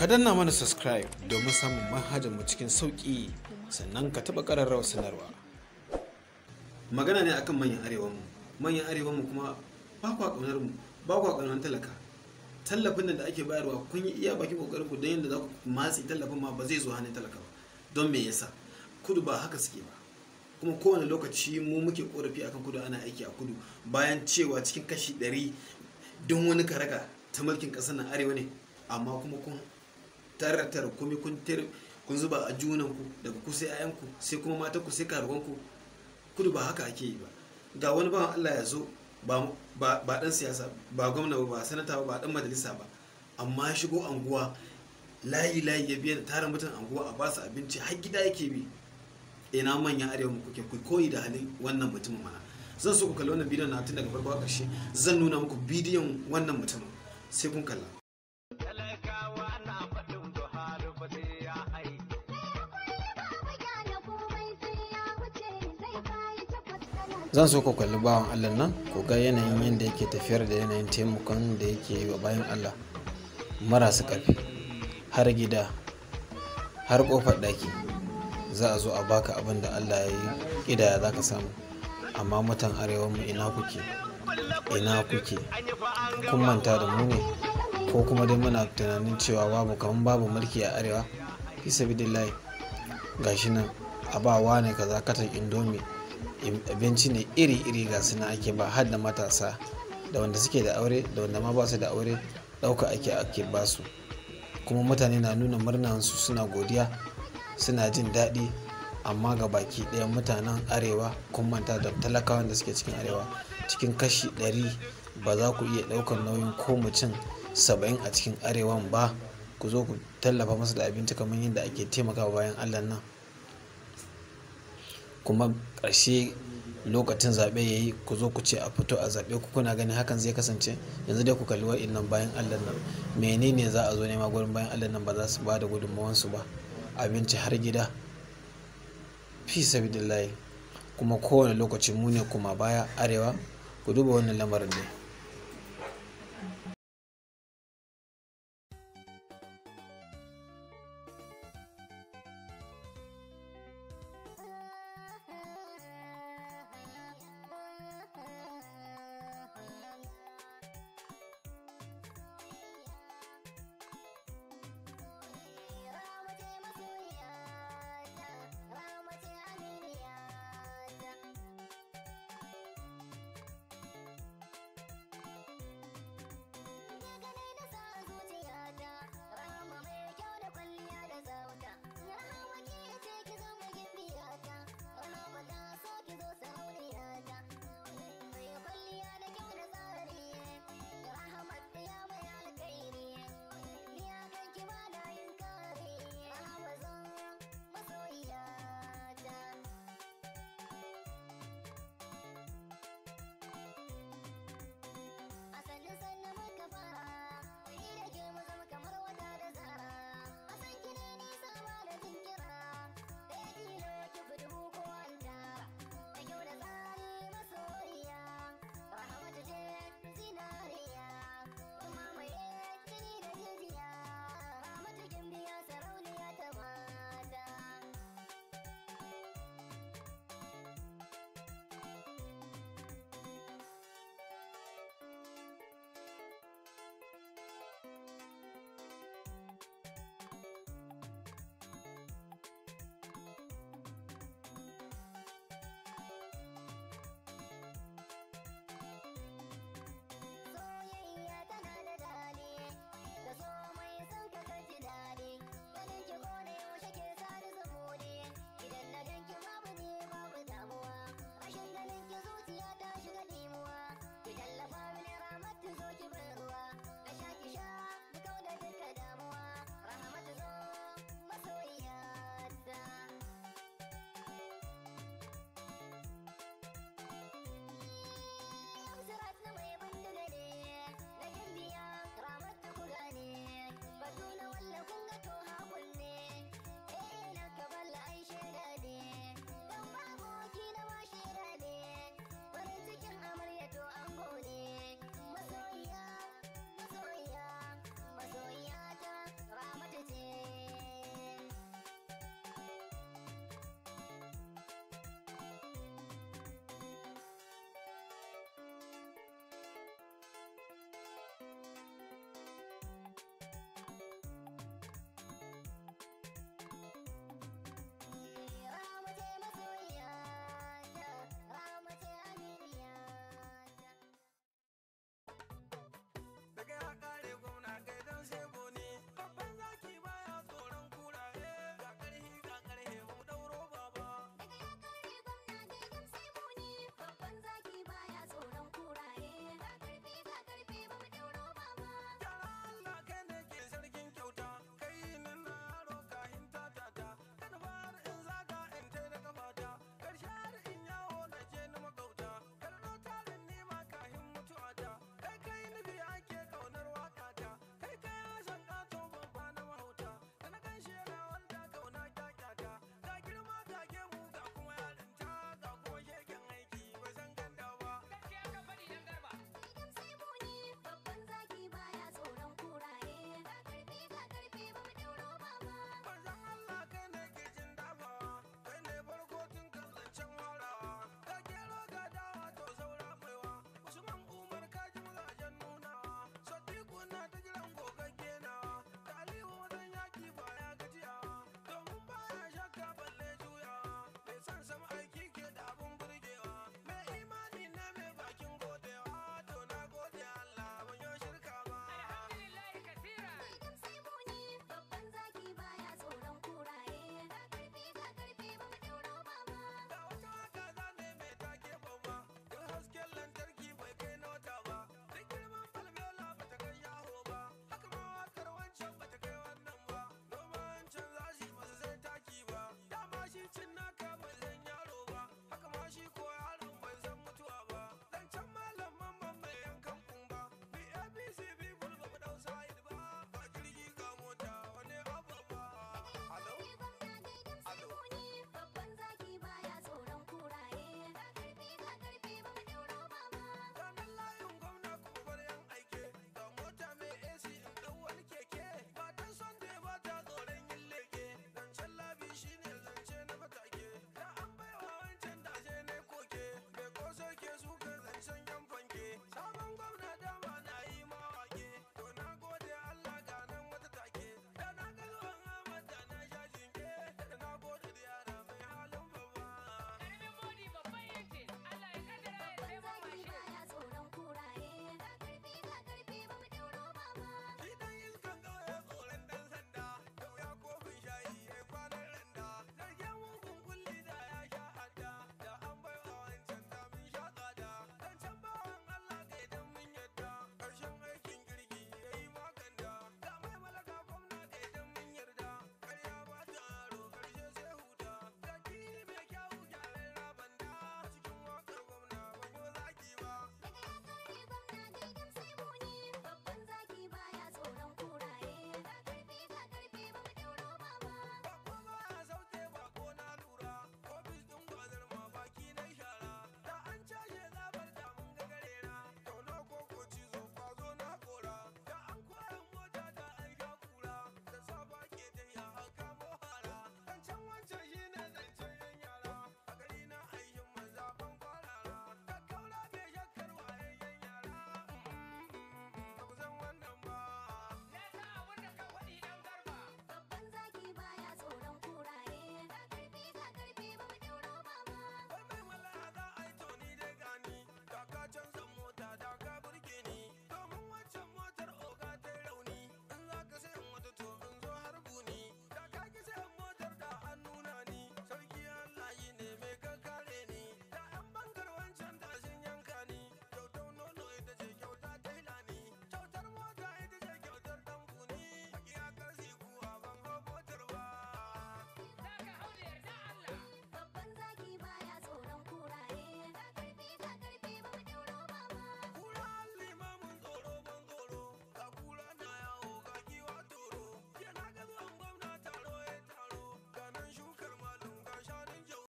ka danna mana subscribe domin samun manhajar mu cikin sauƙi sannan ka taɓa ƙararrawa sanarwa magana ne akan manyan arewa mu manyan kuma ba kwa ƙaunar mu ba kwa ƙaunar talaka tallafin da ake bayarwa kun yi iya bakin ƙoƙarin ku don yadda za ku matsi tallafin ma ba zai zo hannun talaka ba don me yasa kudu ba haka suke ba kuma kowane lokaci mu muke korafi akan kudu ana aiki a kudu bayan cewa cikin kashi ɗari don wani karaka ta mulkin ƙasar nan arewa ne amma kuma kun tara tara kun tar kun zuba a junanku daga ku sai sai kuma matan ku sai karuwanku kudu ba haka ake yi ba ga wani bawan Allah ya zo ba dan siyasa ba gwamna ba sanata ba dan majalisa ba amma ya shigo anguwa layi layi ya biya da tara mutan anguwa a basu abinci har gida yake bi ina manyan arewa mu kai koyi da halin wannan mutumin mana zan so ku kalli wannan bidiyon na tun daga farko a ƙarshe zan nuna muku bidiyon wannan mutumin sai kun kalla zan so ku kalli bawan allah nan ku ga yanayin yadda yake tafiyar da yanayin taimakon da yake yi wa bayan allah marasu ƙarfi har gida har ƙofar ɗaki za a zo a baka abin da allah ya yi ƙidaya za ka samu amma mutan arewa mu ina kuke ina kuke kun manta da mu ne ko kuma dai muna tunanin cewa babu kamar babu mulki a arewa fi sabi gashi nan a ba wane kaza katan indomi. abinci ne iri-iri ga suna ake ba har da matasa da wanda suke da aure da wanda ma ba su da aure ɗauka ake ake ba su kuma mutane na nuna su suna godiya suna jin daɗi amma ga baki ɗaya mutanen arewa kun manta da talakawan da suke cikin arewa cikin kashi 100 ba za ku iya ɗaukar nauyin ko mutum saba'in a cikin arewan ba ku zo ku tallafa masa da abinci kamar yadda ake taimakawa bayan allah nan kuma ƙarshe lokacin zaɓe ya yi ku zo ku ce a fito a zaɓe ku kuna ganin hakan zai kasance yanzu dai ku kalli wa'in nan bayan allan nan menene za a zo nema gurin bayan allan nan ba za su ba da gudunmawansu ba abinci har gida fi sabidillahi kuma kowane lokaci mu ne kuma baya arewa ku duba wannan lamarin ne